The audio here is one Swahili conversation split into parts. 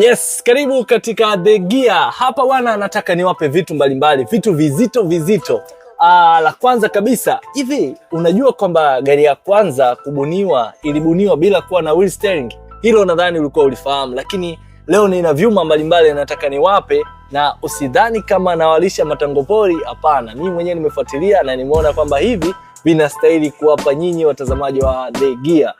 Yes, karibu katika The Gear. Hapa bwana, nataka niwape vitu mbalimbali vitu vizito vizito. Aa, ah, la kwanza kabisa, hivi unajua kwamba gari ya kwanza kubuniwa ilibuniwa bila kuwa na wheel steering? Hilo nadhani ulikuwa ulifahamu, lakini leo nina vyuma mbalimbali nataka niwape, na usidhani kama nawalisha pori Hapana, mimi mwenyewe nimefuatilia na nimeona kwamba hivi vinastahili kuwapa nyinyi watazamaji wa The Gear.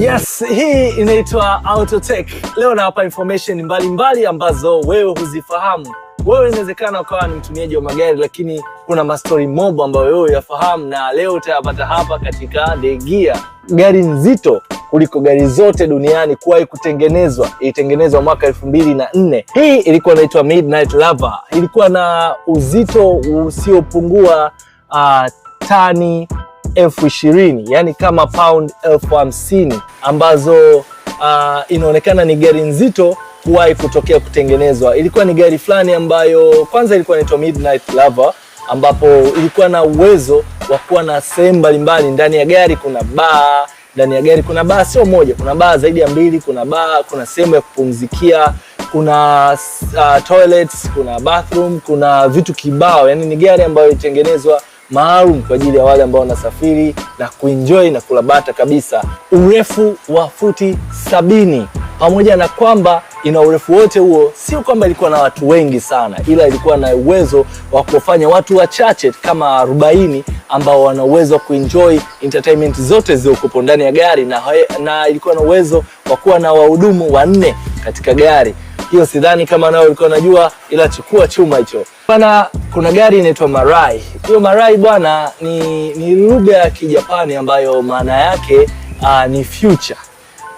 Yes, hii inaitwa Autotech. Leo nawapa information mbalimbali mbali ambazo wewe huzifahamu. Wewe inawezekana ukawa ni mtumiaji wa magari lakini kuna mastori mobo ambayo wewe yafahamu na leo utayapata hapa katika Degia. Gari nzito kuliko gari zote duniani kuwahi kutengenezwa, ilitengenezwa mwaka elfu mbili na nne. Hii ilikuwa inaitwa Midnight Lover, ilikuwa na uzito usiopungua uh, tani elfu ishirini yani kama pound elfu hamsini ambazo uh, inaonekana ni gari nzito kuwahi kutokea kutengenezwa. Ilikuwa ni gari fulani ambayo kwanza ilikuwa inaitwa Midnight Lover, ambapo ilikuwa na uwezo wa kuwa na sehemu mbalimbali ndani ya gari. Kuna baa ndani ya gari, kuna baa sio moja, kuna baa zaidi ya mbili, kuna baa, kuna sehemu ya kupumzikia, kuna uh, toilets, kuna bathroom, kuna vitu kibao. Yani ni gari ambayo ilitengenezwa maalum kwa ajili ya wale ambao wanasafiri na kuenjoy na kulabata kabisa, urefu wa futi sabini pamoja na kwamba ina urefu wote huo, sio kwamba ilikuwa na watu wengi sana, ila ilikuwa na uwezo wa kufanya watu wachache kama arobaini ambao wana uwezo wa kuenjoy entertainment zote zilizokupo ndani ya gari na, na ilikuwa na uwezo wa kuwa na wahudumu wanne katika gari hiyo sidhani kama nao ulikuwa unajua, ila chukua chuma hicho bana. Kuna gari inaitwa Marai. Hiyo Marai bwana ni, ni lugha ya Kijapani ambayo maana yake uh, ni future.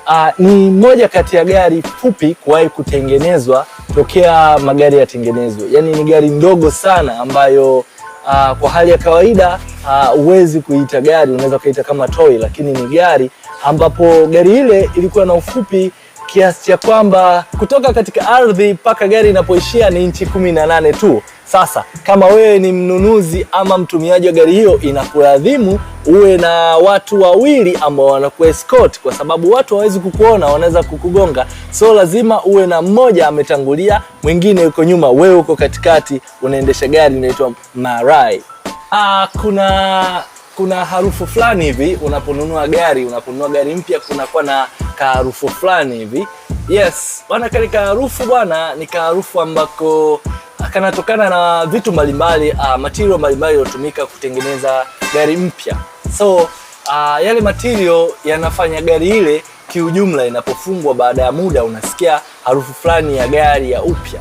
Uh, ni moja kati ya gari fupi kuwahi kutengenezwa tokea magari yatengenezwe, yaani ni gari ndogo sana ambayo uh, kwa hali ya kawaida huwezi kuita gari, unaweza kuita kama toy, lakini ni gari ambapo gari ile ilikuwa na ufupi kiasi cha kwamba kutoka katika ardhi mpaka gari inapoishia ni inchi 18 tu. Sasa kama wewe ni mnunuzi ama mtumiaji wa gari hiyo, inakulazimu uwe na watu wawili ambao wanakuescort, kwa sababu watu hawawezi kukuona, wanaweza kukugonga. So lazima uwe na mmoja ametangulia, mwingine yuko nyuma, wewe uko katikati, unaendesha gari inaitwa Marai. Ah, kuna kuna harufu fulani hivi unaponunua gari, unaponunua gari mpya kunakuwa na kaharufu fulani hivi. Yes bwana, kale kaharufu bwana ni kaharufu ambako kanatokana na vitu mbalimbali uh, material mbalimbali yanayotumika kutengeneza gari mpya. So uh, yale material yanafanya gari ile kiujumla, inapofungwa baada ya muda, unasikia harufu fulani ya gari ya upya.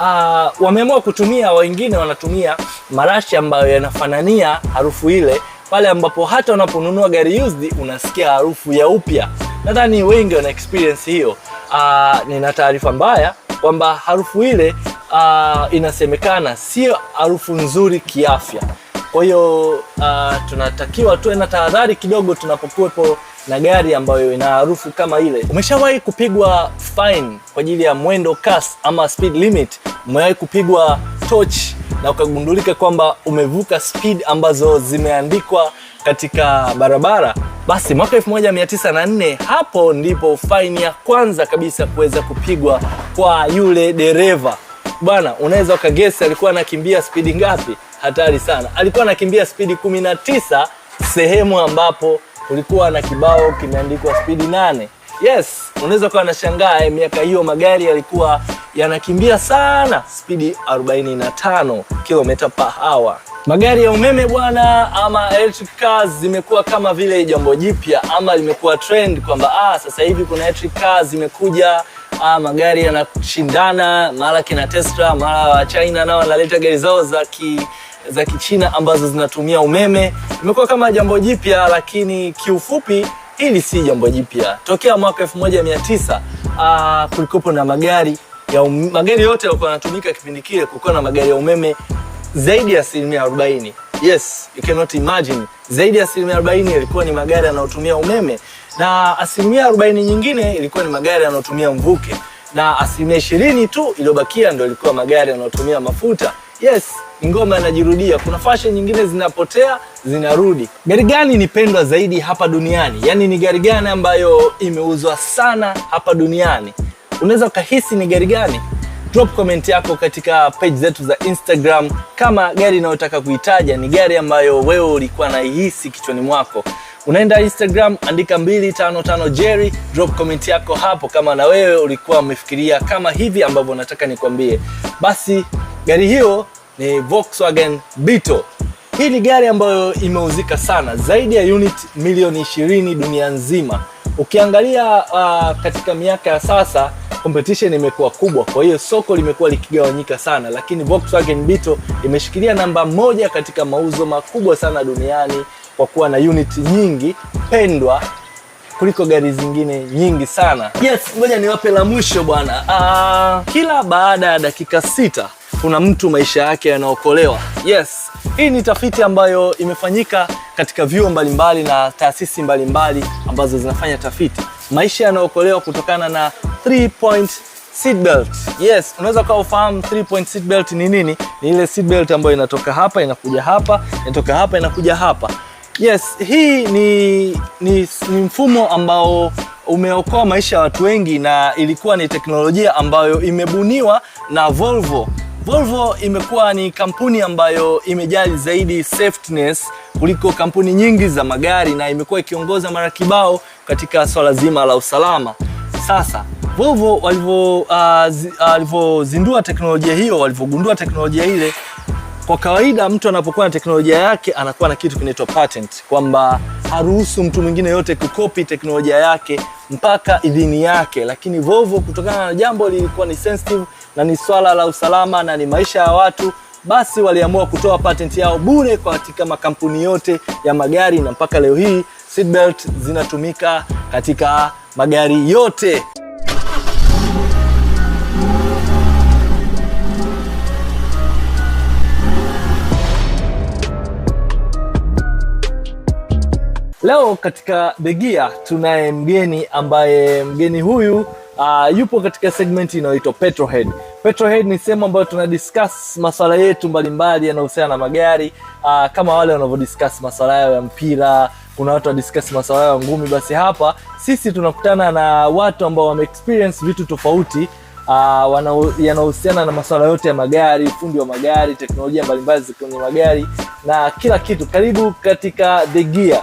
Uh, wameamua kutumia wengine wanatumia marashi ambayo yanafanania harufu ile pale ambapo hata unaponunua gari used unasikia harufu ya upya. Nadhani wengi wana experience hiyo. Uh, nina taarifa mbaya kwamba harufu ile uh, inasemekana sio harufu nzuri kiafya. Kwa hiyo uh, tunatakiwa tuwe na tahadhari kidogo tunapokuwepo na gari ambayo ina harufu kama ile. Umeshawahi kupigwa fine kwa ajili ya mwendo kasi ama speed limit? Umewahi kupigwa tochi na ukagundulika kwamba umevuka speed ambazo zimeandikwa katika barabara, basi mwaka 1904 hapo ndipo faini ya kwanza kabisa kuweza kupigwa kwa yule dereva. Bwana, unaweza ukagesi alikuwa anakimbia spidi ngapi? Hatari sana, alikuwa anakimbia spidi 19 sehemu ambapo kulikuwa na kibao kimeandikwa spidi nane. Yes, unaweza ukawa unashangaa, eh, miaka hiyo magari yalikuwa yanakimbia sana spidi 45 km per hour. Magari ya umeme bwana, ama electric cars zimekuwa kama vile jambo jipya ama limekuwa trend kwamba ah, sasa hivi kuna electric cars zimekuja. Ah, magari yanashindana, mara kina Tesla, mara wa China nao wanaleta gari zao za ki za Kichina ambazo zinatumia umeme. Imekuwa kama jambo jipya, lakini kiufupi hili si jambo jipya. Tokea mwaka 1900 ah, kulikopo na magari ya um, magari yote yalikuwa yanatumika kipindi kile, kulikuwa na magari ya umeme zaidi ya asilimia 40. Yes, you cannot imagine, zaidi ya asilimia 40 yalikuwa ni magari yanayotumia umeme na asilimia 40 nyingine ilikuwa ni magari yanayotumia mvuke na asilimia ishirini tu iliyobakia ndo ilikuwa magari yanayotumia mafuta. Yes, ngoma inajirudia. Kuna fashion nyingine zinapotea zinarudi. Gari gani ni pendwa zaidi hapa duniani? Yaani ni gari gani ambayo imeuzwa sana hapa duniani? unaweza ukahisi ni gari gani? Drop comment yako katika page zetu za Instagram, kama gari inayotaka kuitaja ni gari ambayo wewe ulikuwa naihisi kichwani mwako. Unaenda Instagram, andika 255 Jerry, drop comment yako hapo, kama na wewe ulikuwa umefikiria kama hivi ambavyo nataka nikwambie. Basi gari hiyo ni Volkswagen Beetle. Hii ni gari ambayo imeuzika sana, zaidi ya unit milioni 20 dunia nzima. Ukiangalia uh, katika miaka ya sasa competition imekuwa kubwa, kwa hiyo soko limekuwa likigawanyika sana, lakini Volkswagen Beetle imeshikilia namba moja katika mauzo makubwa sana duniani kwa kuwa na unit nyingi pendwa kuliko gari zingine nyingi sana. Yes, ngoja niwape la mwisho bwana. Uh, kila baada ya dakika sita kuna mtu maisha yake yanaokolewa. Yes, hii ni tafiti ambayo imefanyika katika vyuo mbalimbali na taasisi mbalimbali ambazo zinafanya tafiti. Maisha yanaokolewa kutokana na 3 point seat belt. Yes, unaweza kuwa ufahamu 3 point seat belt ni nini? Ni ile seat belt ambayo inatoka hapa inakuja hapa, inatoka hapa inakuja hapa. Yes, hii ni, ni, ni mfumo ambao umeokoa maisha ya watu wengi na ilikuwa ni teknolojia ambayo imebuniwa na Volvo Volvo imekuwa ni kampuni ambayo imejali zaidi safetiness kuliko kampuni nyingi za magari na imekuwa ikiongoza mara kibao katika swala zima la usalama. Sasa Volvo uh, uh, walivyozindua uh, uh, teknolojia hiyo, walivyogundua teknolojia ile, kwa kawaida mtu anapokuwa na teknolojia yake anakuwa na kitu kinaitwa patent, kwamba haruhusu mtu mwingine yote kukopi teknolojia yake mpaka idhini yake, lakini Volvo kutokana na jambo lilikuwa ni sensitive na ni swala la usalama na ni maisha ya watu, basi waliamua kutoa patenti yao bure katika makampuni yote ya magari, na mpaka leo hii seatbelt zinatumika katika magari yote. Leo katika begia tunaye mgeni ambaye mgeni huyu uh, yupo katika segment inayoitwa Petrohead. Petrohead ni sehemu ambayo tuna maswala yetu mbalimbali yanayohusiana na magari uh, kama wale wanavyodiscuss maswala yao ya mpira kuna watu maswala yao ya ngumi. Basi hapa sisi tunakutana na watu ambao wameexperience vitu tofauti uh, ah, yanahusiana na maswala yote ya magari, ufundi wa magari, teknolojia mbalimbali kwenye magari na kila kitu. Karibu katika The Gear.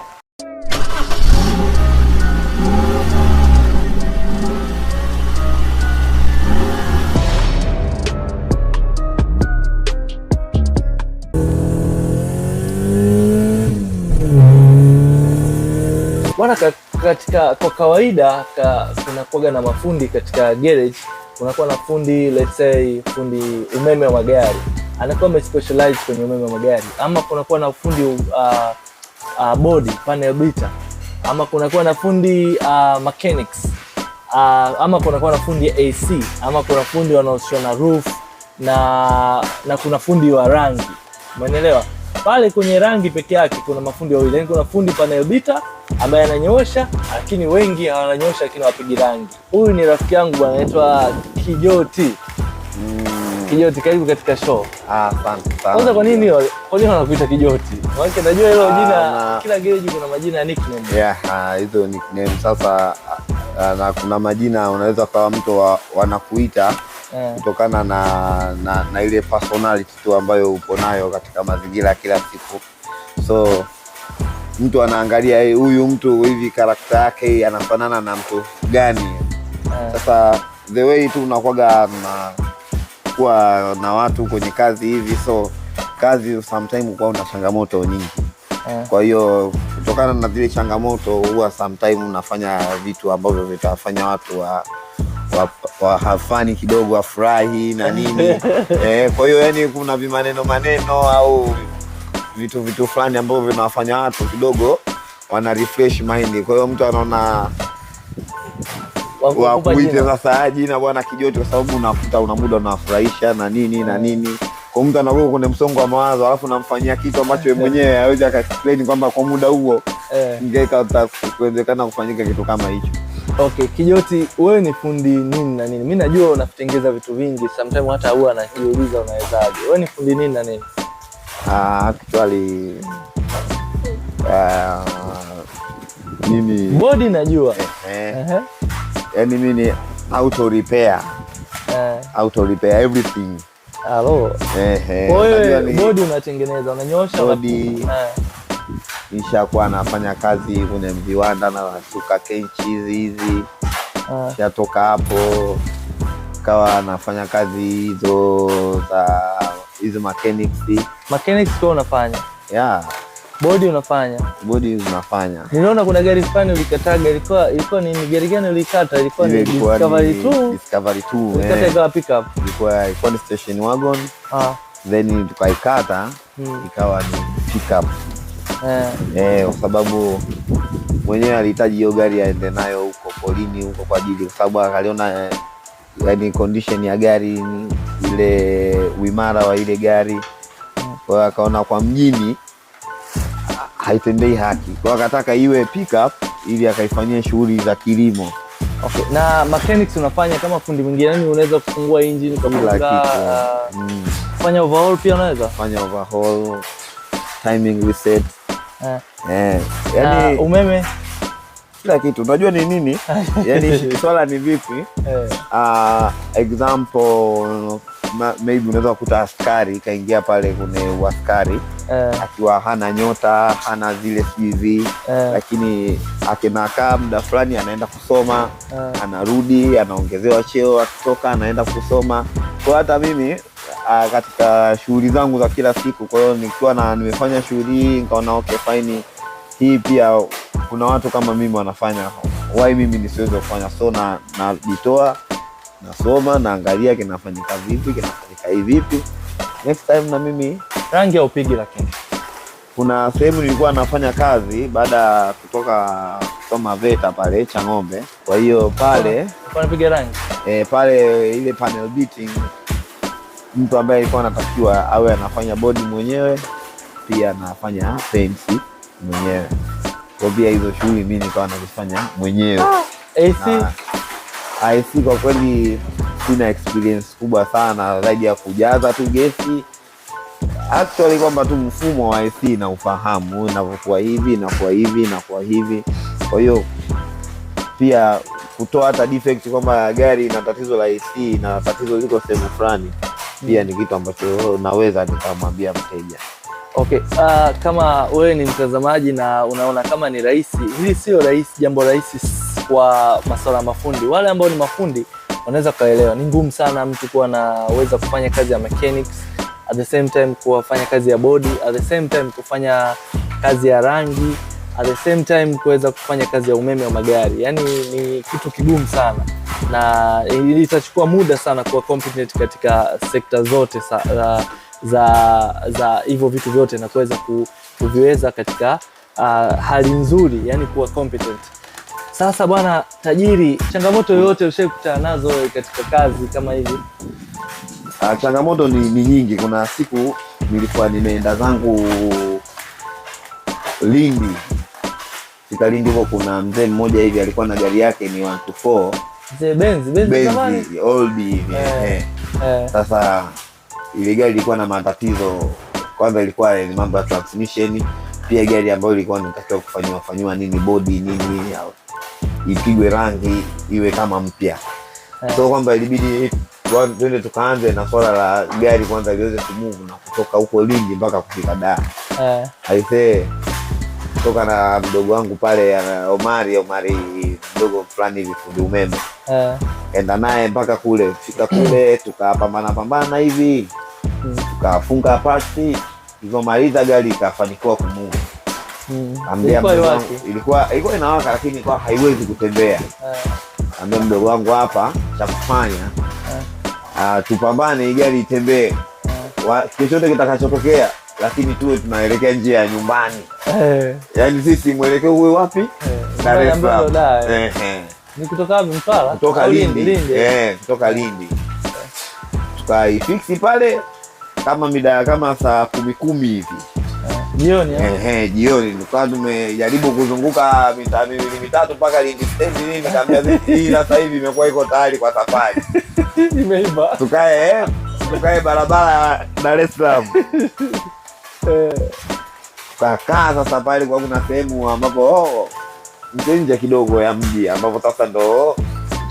maana katika kwa kawaida ka, kunakuwaga na mafundi katika garage, kunakuwa na fundi let's say fundi umeme wa magari anakuwa amespecialize kwenye umeme wa magari, ama kunakuwa na fundi uh, uh, body panel beater, ama kunakuwa na fundi uh, mechanics uh, ama kunakuwa na fundi AC, ama kuna fundi wanaohusiana na roof na, na kuna fundi wa rangi, umeelewa? Pale kwenye rangi peke yake kuna mafundi wawili, yani kuna fundi panel beater ambaye ananyoosha, lakini wengi hawananyoosha, lakini wapigi rangi. Huyu ni rafiki yangu bwana, anaitwa Kijoti. Mm. Kijoti, karibu katika show. Ah, asante sana. Kwanza kwa nini kwa nini wanakuita Kijoti? Maana najua hilo ah, jina, kila gereji kuna majina ya nickname. Yeah, ah, hizo nickname sasa ah, na kuna majina unaweza kawa mtu wa, wanakuita yeah, kutokana na, na, na ile personality tu ambayo upo nayo katika mazingira ya kila siku so mtu anaangalia eh, huyu mtu hivi karakta yake anafanana na mtu gani? Eh. Sasa the way tu unakwaga kuwa na watu kwenye kazi hivi, so kazi sometimes kwa una changamoto nyingi, eh. kwa hiyo kutokana na zile changamoto huwa sometimes unafanya vitu ambavyo vitawafanya watu wa wahafani wa kidogo wafurahi na nini eh, kwa hiyo yani kuna vimaneno maneno au vitu vitu fulani ambavyo vinawafanya watu kidogo wana refresh mind. Kwa hiyo mtu anaona wakuite sasa jina bwana Kijoti, kwa sababu unafuta una muda unafurahisha na nini na nini kwa mtu anakuwa kwenye msongo wa mawazo, alafu namfanyia kitu ambacho mwenyewe hawezi akaexplain kwamba kwa muda huo eh. ingekuwezekana kufanyika kitu kama hicho. Okay, Kijoti, wewe ni fundi nini na nini? Mi najua unavitengeza vitu vingi, sometimes hata huwa anajiuliza unawezaje. Wewe ni fundi nini na nini? Ah, ah, mimi bodi najua eh, Yani mimi ni auto repair eh. Auto repair everything Halo. Eh, eh. Wewe bodi unatengeneza, unanyosha bodi. Eh. Nishakuwa nafanya kazi kwenye viwanda na nasuka kenchi hizi hizi. Eh. Shatoka hapo kawa nafanya kazi hizo za hizo mechanics. Mechanics kwa unafanya? Yeah. Body unafanya? Body unafanya. Niliona kuna gari fulani ulikataga, ilikuwa ilikuwa ni gari gani ulikata? Ilikuwa ni Discovery 2. Discovery 2. Ulikata eh. ikawa pickup. Ilikuwa ilikuwa ni station wagon. Ah. Then tukaikata hmm. Ikawa ni pickup. Eh. Eh, kwa sababu mwenyewe alihitaji hiyo gari aende nayo huko polini huko kwa ajili kwa sababu akaliona eh, yani condition ya gari ile uimara wa ile gari. Kwa hiyo akaona kwa mjini haitendei haki, kwa akataka iwe pickup ili akaifanyia shughuli za kilimo. Okay. Na mechanics unafanya kama fundi mwingine, nani unaweza kufungua engine kwa kila kitu mm. fanya overhaul pia unaweza? Fanya overhaul, timing reset. Eh. yeah. Eh. Yaani umeme kila kitu unajua ni nini yani swala ni vipi uh, example maybe unaweza kukuta askari ikaingia pale kune uaskari eh. akiwa hana nyota hana zile cv eh. lakini akinakaa muda fulani anaenda kusoma anarudi anaongezewa cheo akitoka anaenda kusoma kwa hata mimi ah, katika shughuli zangu za kila siku kwa hiyo nikiwa na nimefanya shughuli hii nikaona okay fine hii pia kuna watu kama mimi wanafanya, wai mimi nisiweze kufanya? So na najitoa, nasoma, naangalia kinafanyika vipi, kinafanyika hii vipi, next time na mimi rangi ya upigi. Lakini kuna sehemu nilikuwa nafanya kazi baada ya kutoka kusoma VETA pale ng'ombe kwa hiyo pale napiga rangi e, pale ile panel beating mtu ambaye alikuwa anatakiwa awe anafanya bodi mwenyewe pia anafanya fensi mwenyewe. Kwa pia hizo shughuli mi nikawa nazifanya mwenyewe. AC ah, kwa kweli sina experience kubwa sana zaidi ya kujaza tu gesi actually, kwamba tu mfumo wa AC na ufahamu inavyokuwa hivi inakuwa hivi inakuwa hivi. Kwa hiyo pia kutoa hata defect kwamba gari ina tatizo la AC na tatizo liko sehemu fulani, pia hmm. ni kitu ambacho naweza nikamwambia mteja. Okay. Uh, kama wewe ni mtazamaji na unaona kama ni rahisi, hili sio rahisi, jambo rahisi kwa masuala ya mafundi. Wale ambao ni mafundi wanaweza kaelewa, ni ngumu sana mtu kuwa anaweza kufanya kazi ya mechanics at the same time kufanya kazi ya body at the same time kufanya kazi ya rangi at the same time kuweza kufanya kazi ya umeme wa magari, yaani ni kitu kigumu sana na itachukua muda sana kuwa competent katika sekta zote sa, uh, za za hivyo vitu vyote na kuweza kuviweza katika uh, hali nzuri, yani kuwa competent. Sasa bwana tajiri, changamoto yoyote ushaikutana nazo katika kazi kama hivi? Uh, changamoto ni, ni nyingi. Kuna siku nilikuwa nimeenda zangu Lindi, fika Lindi huko, kuna mzee mmoja hivi alikuwa na gari yake ni 124 mzee Benzi, Benzi, Benz old hivi eh. eh. eh. Sasa ile gari ilikuwa na matatizo. Kwanza ilikuwa ni mambo ya transmission, pia gari ambayo ilikuwa inatakiwa kufanywa fanywa nini body nini ipigwe rangi iwe kama mpya yeah. So kwamba ilibidi twende tukaanze na swala la gari kwanza liweze kumuvu na kutoka huko Lindi mpaka kufika Dar yeah. aisee kutoka na mdogo wangu pale Omari, Omari mdogo fulani hivi fundi umeme yeah. Enda naye mpaka kule, fika kule tukapambana pambana hivi mm. tukafunga pasi, ilivyomaliza gari ikafanikiwa kumuua mm. ilikuwa, ilikuwa, ilikuwa inawaka lakini kwa haiwezi kutembea uh. Eh. Ambia mdogo wangu hapa cha kufanya uh, tupambane gari itembee yeah. chochote kitakachotokea lakini tuwe tunaelekea njia ya nyumbani eh. Yaani sisi mwelekeo uwe wapi? Eh. Dar es Salaam. Eh, eh. Ni kutoka wapi? Mtwara? Kutoka Lindi. Lindi. Eh, kutoka Lindi. Tukaifiksi pale kama mida kama saa kumi kumi hivi eh, jioni eh? eh, eh, jioni tukawa tumejaribu kuzunguka mitaa miwili mitatu mpaka Lindi stendi nini, nikamwambia hii sasa hivi imekuwa iko tayari kwa safari imeiva, tukae eh, tukae barabara ya Dar es Salaam Eh, Kakaa sasa pale kwa kuna sehemu ambapo oh, nje kidogo ya mji ambapo sasa ndo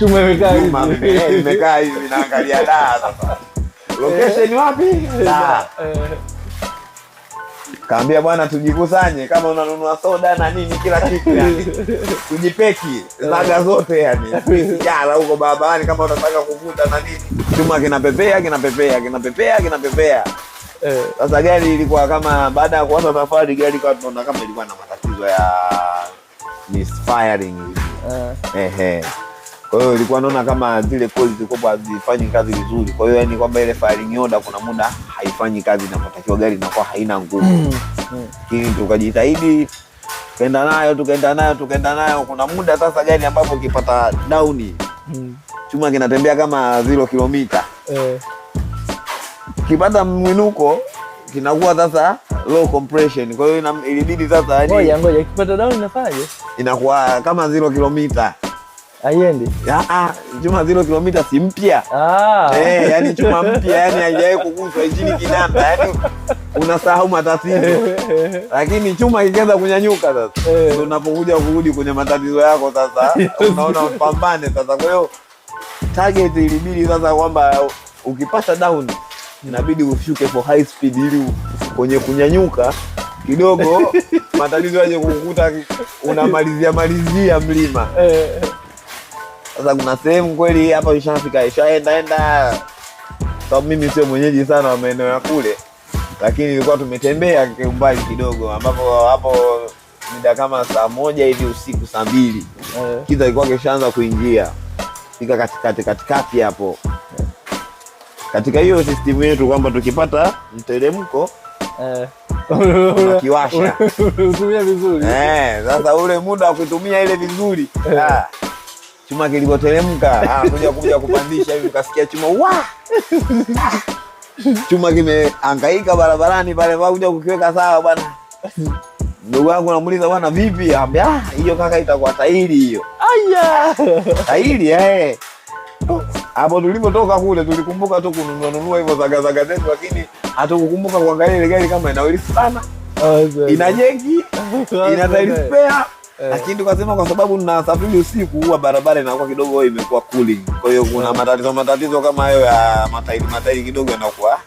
chuma eh, imekaa hivi naangalia daa sasa eh. location wapi? Kaambia bwana, tujikusanye kama unanunua soda na nini kila kitu yani, tujipeki zaga zote yani, sigara huko barabarani kama unataka kuvuta na nini, chuma kinapepea kinapepea kinapepea kinapepea Eh, sasa gari ilikuwa kama baada ya kuanza safari gari kwa tunaona kama ilikuwa na matatizo ya misfiring hivi uh. Eh. Ehe, kwa hiyo ilikuwa naona kama zile coils zilikuwa hazifanyi kazi vizuri, kwa hiyo yani kwamba ile firing order kuna muda haifanyi kazi na matakiwa gari inakuwa haina nguvu, mm. lakini mm. mm. tukajitahidi tukaenda nayo tukaenda nayo tukaenda nayo. Kuna muda sasa gari ambapo ukipata down mm. chuma kinatembea kama zero kilomita eh kipata mwinuko kinakuwa sasa low compression, kwa hiyo ilibidi sasa yani, ngoja ngoja, kipata down inafanyaje? Inakuwa kama 0 kilomita haiendi ah, chuma zero kilomita, si mpya ah. Eh, Hey, yani chuma mpya yani haijawahi kuguswa injini kinanda, yani unasahau matatizo lakini chuma kikianza kunyanyuka sasa eh. ndio unapokuja kurudi kwenye matatizo yako sasa unaona mpambane sasa. Kwa hiyo target ilibidi sasa kwamba ukipata down inabidi ushuke for high speed ili kwenye kunyanyuka kidogo matatizo yaje kukuta unamalizia malizia mlima. Eh, eh. Sasa kuna sehemu kweli hapa ishafika ishaendaenda, sababu mimi sio mwenyeji sana wa maeneo ya kule, lakini ilikuwa tumetembea kiumbali kidogo, ambapo hapo mida kama saa moja hivi usiku, saa mbili eh. kiza ilikuwa kishaanza kuingia, fika katikati katikati hapo kati, kati, katika hiyo system yetu kwamba tukipata mteremko eh, kiwasha utumia vizuri eh. Sasa ule muda wa kutumia ile vizuri eh. ah, chuma kilivyoteremka ah, kuja kuja kupandisha hivi ukasikia chuma wa chuma kimeangaika barabarani pale kuja kukiweka sawa bwana. Ndugu yangu namuuliza bwana, vipi? Ambia ah, hiyo kaka, itakuwa tairi hiyo. Aya, tairi eh hapo tulivyotoka kule tulikumbuka tu kununua nunua hivyo zagazaga zetu, lakini hatukukumbuka kuangalia ile gari kama inaweli sana, ina jengi ah, ina tairi spare eh. lakini tukasema kwa sababu na safari usiku, huwa barabara inakuwa kidogo imekuwa cooling, kwa hiyo kuna ah. matatizo matatizo kama hayo ya matairi matairi kidogo yanakuwa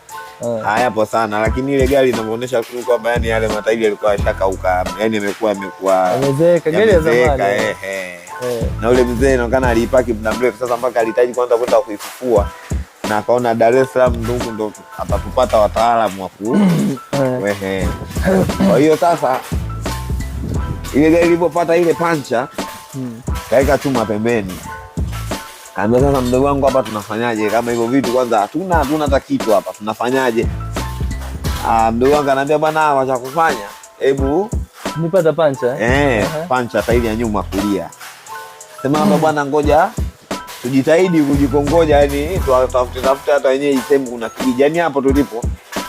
hayapo eh. ah, sana, lakini ile gari inamuonesha tu kwamba yani yale matairi yalikuwa yashakauka, yani yamekuwa yamekuwa yamezeeka, gari ya zamani eh, eh. eh. na ule mzee inaonekana aliipaki muda mrefu sasa, mpaka alihitaji kwanza kwenda kuifufua na akaona Dar es Salaam ndugu ndo atatupata wataalamu waku wehe. Kwa hiyo sasa ile gari ilipopata ile pancha, hmm. kaweka chuma pembeni Kaambia sasa, mdogo wangu, hapa tunafanyaje? Kama hivyo vitu kwanza hatuna hatuna hata kitu hapa, tunafanyaje? Ah, mdogo wangu anaambia bwana, wacha kufanya, hebu nipata pancha eh, eh uh -huh. pancha taili ya nyuma kulia, sema hapa bwana, ngoja tujitahidi kujikongoja, yani tutafute tafute hata wenyewe sehemu kuna kijani hapo tulipo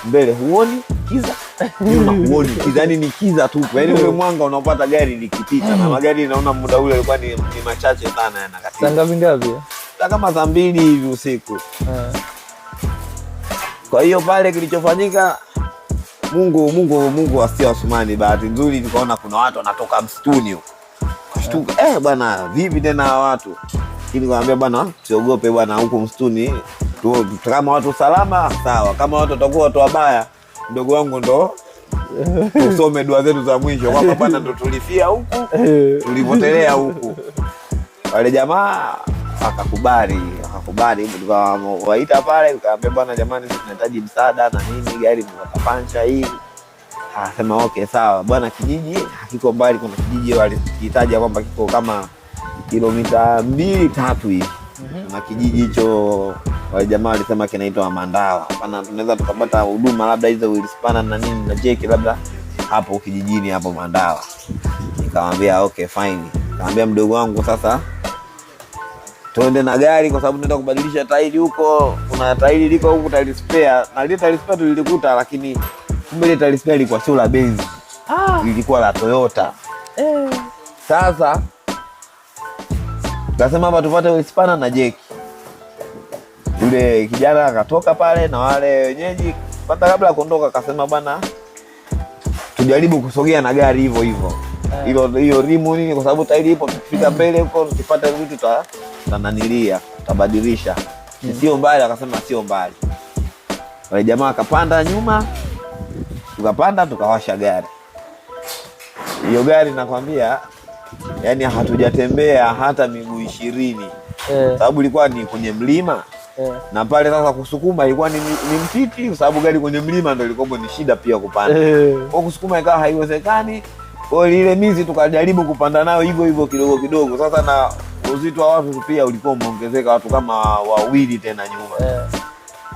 mbele, huoni kiza nyuma huoni kiza, ni kiza tupu, yani ule mwanga unaopata gari likipita, na magari naona muda ule alikuwa ni, ni machache sana yanakatika. Saa ngapi ngapi? Saa kama saa mbili hivi usiku. Kwa hiyo pale kilichofanyika Mungu Mungu Mungu wasia wasumani Bahati nzuri tukaona kuna watu wanatoka msituni huko, kashtuka Eh, bwana vipi tena watu, lakini kaambia bwana siogope bwana, huku msituni kama watu salama sawa, kama watu watakuwa watu wabaya mdogo wangu ndo usome dua zetu za mwisho kwamba bwana ndo tulifia huku eh. tulipotelea huku. Wale jamaa akakubali akakubali, tukawaita pale, kaambia bwana, jamani, sisi tunahitaji msaada na nini, gari mkapancha hii. Akasema okay, sawa bwana, kijiji hakiko mbali, kuna kijiji walikitaja kwamba kiko kama kilomita mbili tatu hivi na mhm. kijiji hicho wajamaa walisema kinaitwa Mandawa. Pana tunaweza tukapata huduma labda hizo Wilspana na nini na cheki labda hapo kijijini hapo Mandawa. Nikamwambia okay fine, nikamwambia mdogo wangu sasa tuende na gari kwa sababu tunaenda kubadilisha tairi huko, kuna tairi liko huko, tairi spare na ile tairi spare tulilikuta, lakini kumbe ile tairi spare ilikuwa sio la benzi. ah, ilikuwa la Toyota eh. Sasa Kasema hapa tupate Uhispania na Jeki. Yule kijana akatoka pale na wale wenyeji, hata kabla ya kuondoka kasema bana, tujaribu kusogea na gari hivyo hivyo eh. hilo hiyo rimu nini, kwa sababu tairi ipo. Tukifika mm. mbele huko tukipata vitu ta tananilia tabadilisha, mm. sio mbali. Akasema sio mbali. Wale jamaa akapanda nyuma, tukapanda tukawasha gari. Hiyo gari nakwambia, yani hatujatembea hata miguu ishirini yeah. Sababu ilikuwa ni kwenye mlima yeah. Na pale sasa kusukuma ilikuwa ni, ni mtiti kwa sababu gari kwenye mlima ndo ilikuwa ni shida pia kupanda yeah. Kwa kusukuma ikawa haiwezekani, kwa ile mizi tukajaribu kupanda nayo hivyo hivyo kidogo kidogo. Sasa na uzito wa watu pia ulikuwa umeongezeka, watu kama wawili tena nyuma yeah.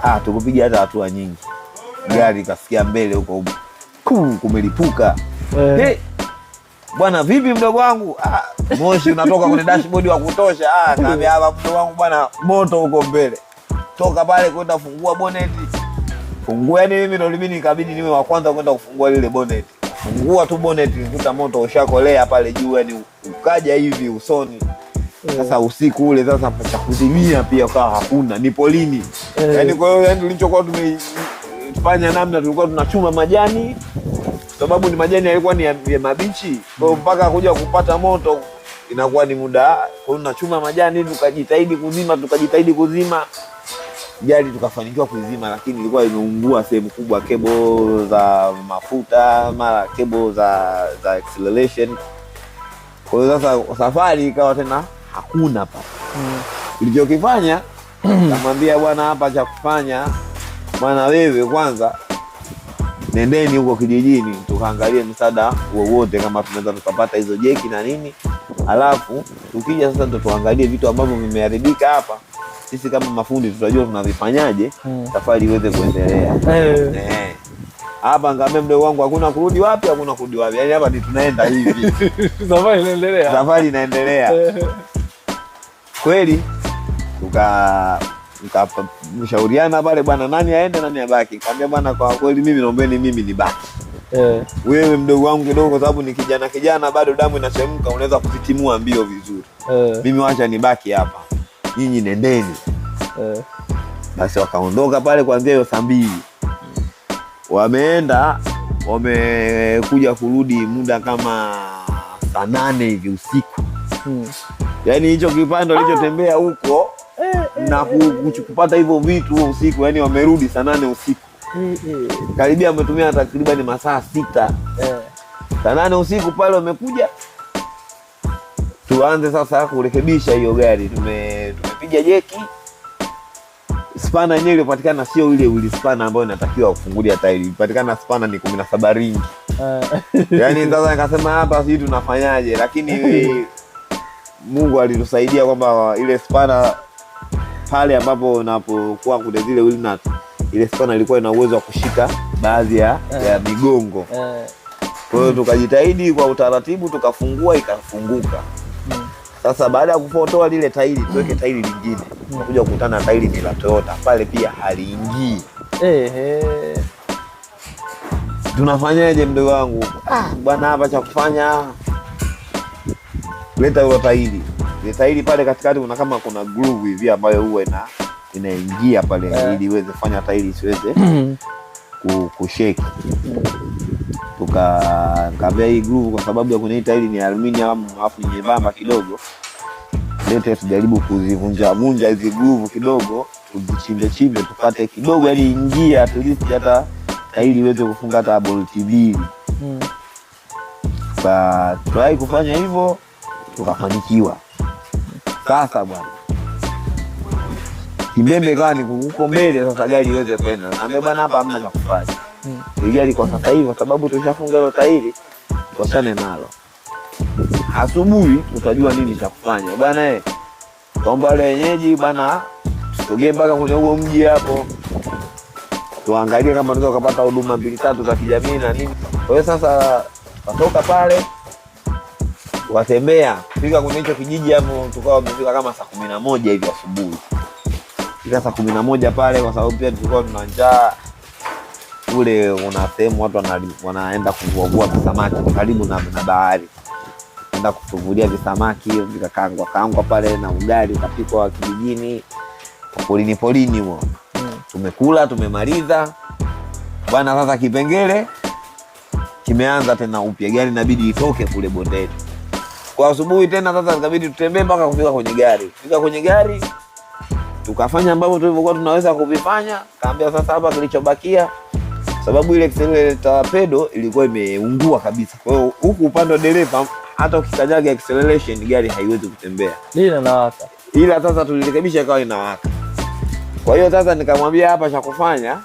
Ah, tukupiga hata hatua nyingi, gari kasikia mbele huko kumelipuka yeah. Hey, bwana vipi mdogo wangu ah, moshi unatoka kwenye dashboard wa kutosha. Ah, kaambia hapa mtu wangu bwana, moto uko mbele, toka pale kwenda fungua boneti, fungua. Yani mimi ndo mimi nikabidi niwe wa kwanza kwenda kufungua lile boneti. Fungua tu boneti, nikuta moto ushakolea pale juu, yani ukaja hivi usoni sasa usiku ule sasa cha kuzimia pia kaa hakuna, ni polini eh. Yani kwa hiyo yani tulichokuwa tumefanya namna, tulikuwa tunachuma majani, sababu ni majani yalikuwa ni ya mabichi, kwa hiyo mpaka kuja kupata moto inakuwa ni muda kwa tunachuma majani, tukajitahidi kuzima, tukajitahidi kuzima jari tukafanikiwa kuizima, lakini ilikuwa imeungua sehemu kubwa, kebo za mafuta, mara kebo za, za acceleration. Kwa hiyo sasa safari ikawa tena hakuna pa kilichokifanya mm. mm. namwambia bwana, hapa cha kufanya bwana, wewe kwanza nendeni huko kijijini tukaangalie msaada wowote kama tunaweza tukapata hizo jeki na nini Alafu tukija sasa ndo tuangalie vitu ambavyo vimeharibika hapa, sisi kama mafundi tutajua tunavifanyaje hmm. safari iweze kuendelea eh. Eh. Hapa ngaambia mdogo wangu hakuna kurudi wapi, hakuna kurudi wapi, yaani hapa ni tunaenda hivi safari inaendelea, safari inaendelea eh. kweli. Tuka mshauriana pale, bwana, nani aende nani abaki? Kaambia bwana, kwa kweli mimi naombeni mimi nibaki yeah. Wewe mdogo wangu kidogo, kwa sababu ni kijana kijana bado damu inachemka, unaweza kuvitimua mbio vizuri yeah. Mimi wacha nibaki hapa, nyinyi nendeni yeah. Basi wakaondoka pale kuanzia hiyo saa mbili wameenda wamekuja kurudi muda kama saa nane hivi usiku hmm. Yani hicho kipande walichotembea huko eh, eh, na eh. kupata hivyo vitu usiku, yani wamerudi saa nane usiku Karibia ametumia takribani masaa sita eh. Saa nane usiku pale wamekuja tuanze sasa kurekebisha hiyo gari. Tume, tumepiga jeki, spana yenyewe iliyopatikana sio ile ulispana ambayo inatakiwa kufungulia tairi, ipatikana spana ni kumi na saba ringi eh. yaani sasa nikasema hapa sijui tunafanyaje, lakini Mungu alitusaidia kwamba ile spana pale ambapo unapokuwa kule zile wheel ile spana ilikuwa ina uwezo wa kushika baadhi ya, yeah. ya eh. migongo yeah. Kwa hiyo tukajitahidi kwa utaratibu, tukafungua ikafunguka. mm. Sasa baada ya kupotoa lile tairi tuweke hmm. tairi lingine, hmm. tunakuja mm. kukutana na tairi ni la Toyota pale, pia haliingii. hey, Tunafanyaje mdogo wangu ah. bwana? Hapa cha kufanya leta hilo tairi, ile tairi pale katikati kuna kama kuna groove hivi ambayo huwa ina inaingia pale yeah. ili iweze fanya tairi isiweze kusheki tukakavia hii gruvu kwa sababu ya kuna hii tairi ni aluminium alafu ni nyembamba kidogo lete tujaribu kuzivunjavunja hizi gruvu kidogo tuzichimbechimbe tupate kidogo yani ingia at hata tairi iweze kufunga hata bolti mbili mm. kufanya hivyo tukafanikiwa sasa bwana kimbembe kani huko mbele, sasa gari iweze kwenda. Naambia bwana, hapa hamna cha kufanya hmm. ile gari kwa sasa hivi, kwa sababu tushafunga hilo tairi, tukosane nalo, asubuhi tutajua nini cha kufanya bwana. Eh, tuomba wale wenyeji bwana, tusogee mpaka kwenye huo mji hapo, tuangalie kama tunaweza kupata huduma mbili tatu za kijamii na nini. Kwa hiyo sasa watoka pale watembea fika kwenye hicho kijiji hapo, tukawa tumefika kama saa kumi na moja hivi asubuhi fika saa kumi na moja pale, kwa sababu pia tulikuwa tuna njaa kule. Una sehemu watu wanaenda kuvuavua visamaki karibu na bahari, enda kutuvulia visamaki vikakangwa kangwa pale na ugali ukapikwa wa kijijini polini polini huo. Tumekula tumemaliza bwana, sasa kipengele kimeanza tena upya, gari inabidi itoke kule bondeni kwa asubuhi tena. Sasa ikabidi tutembee mpaka kufika kwenye gari, fika kwenye gari tukafanya ambavyo tulivyokuwa tunaweza kuvifanya. Kaambia sasa, hapa kilichobakia, sababu ile accelerator pedo ilikuwa imeungua kabisa. Kwa hiyo huku upande wa dereva, hata ukikanyaga acceleration gari haiwezi kutembea, ila inawaka. Ila sasa tulirekebisha ikawa inawaka. Kwa hiyo sasa nikamwambia hapa cha kufanya,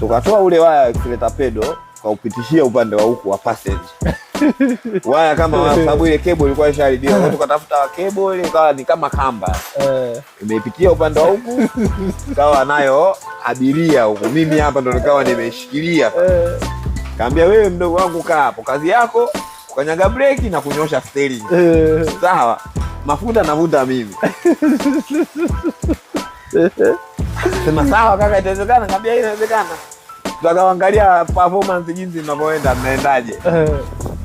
tukatoa ule waya wa accelerator pedo kaupitishia upande wa huku wa passenger waya kama sababu ile kebo ilikuwa ishaharibiwa, tukatafuta kebo ile ikawa ni kama kamba eh. imeipitia upande wa huku, kawa nayo abiria huku, mimi hapa ndo nikawa nimeshikilia. Eh. Kaambia wewe mdogo wangu, kaa hapo, kazi yako ukanyaga breki na kunyosha steering, eh. sawa, mafuta navuta mimi sema sawa kaka, itawezekana. Kaambia inawezekana tukaangalia performance jinsi mnavyoenda mnaendaje. Gari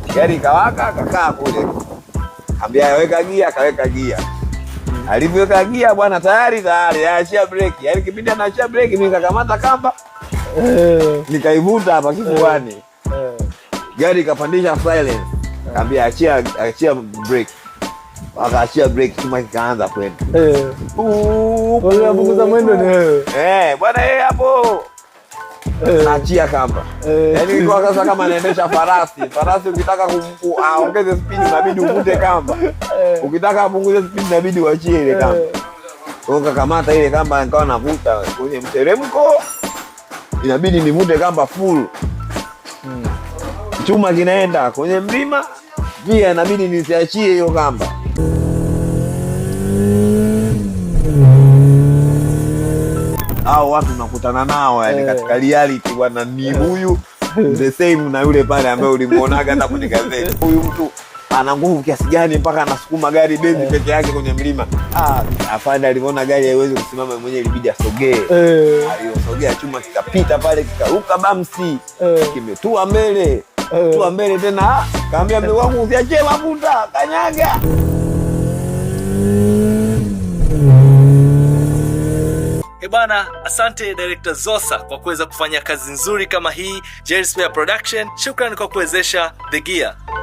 eh. yaani kawaka kakaa kule. Kaambia weka gia, akaweka gia. Alivyoweka gia bwana tayari tayari aachia breki. Yaani kipindi anaachia breki mimi nikakamata kamba. Eh. Nikaivuta hapa eh. kifuani. Gari kapandisha silence. Kaambia achia achia breki. Akaachia breki chuma kikaanza kwenda. mwendo ni Eh. Bwana yeye hapo Eh, nachia kamba, eh. yaani kwa sasa kama naendesha farasi. Farasi ukitaka aongeze spidi inabidi uvute kamba, eh. ukitaka apunguze spidi inabidi uachie ile kamba. Kwa kakamata ile kamba, nikawa navuta kwenye mteremko, inabidi nivute kamba full, hmm. chuma kinaenda kwenye mlima pia, inabidi nisiachie hiyo kamba. au watu nakutana nao yani eh. katika reality bwana, ni eh. huyu the same na yule pale ambaye ulimuonaga hata kwenye gazeti. Huyu mtu ana nguvu kiasi gani mpaka anasukuma gari benzi eh. peke yake kwenye mlima? Ah, afande alivyoona gari haiwezi kusimama mwenyewe, ilibidi asogee. Aliyosogea chuma kikapita pale, kikaruka bamsi, kimetua mbele, tua mbele tena, kaambia mdogo wangu usiachie mafuta, kanyaga bana, asante director Zosa kwa kuweza kufanya kazi nzuri kama hii. Jerry Production, shukrani kwa kuwezesha The Gear.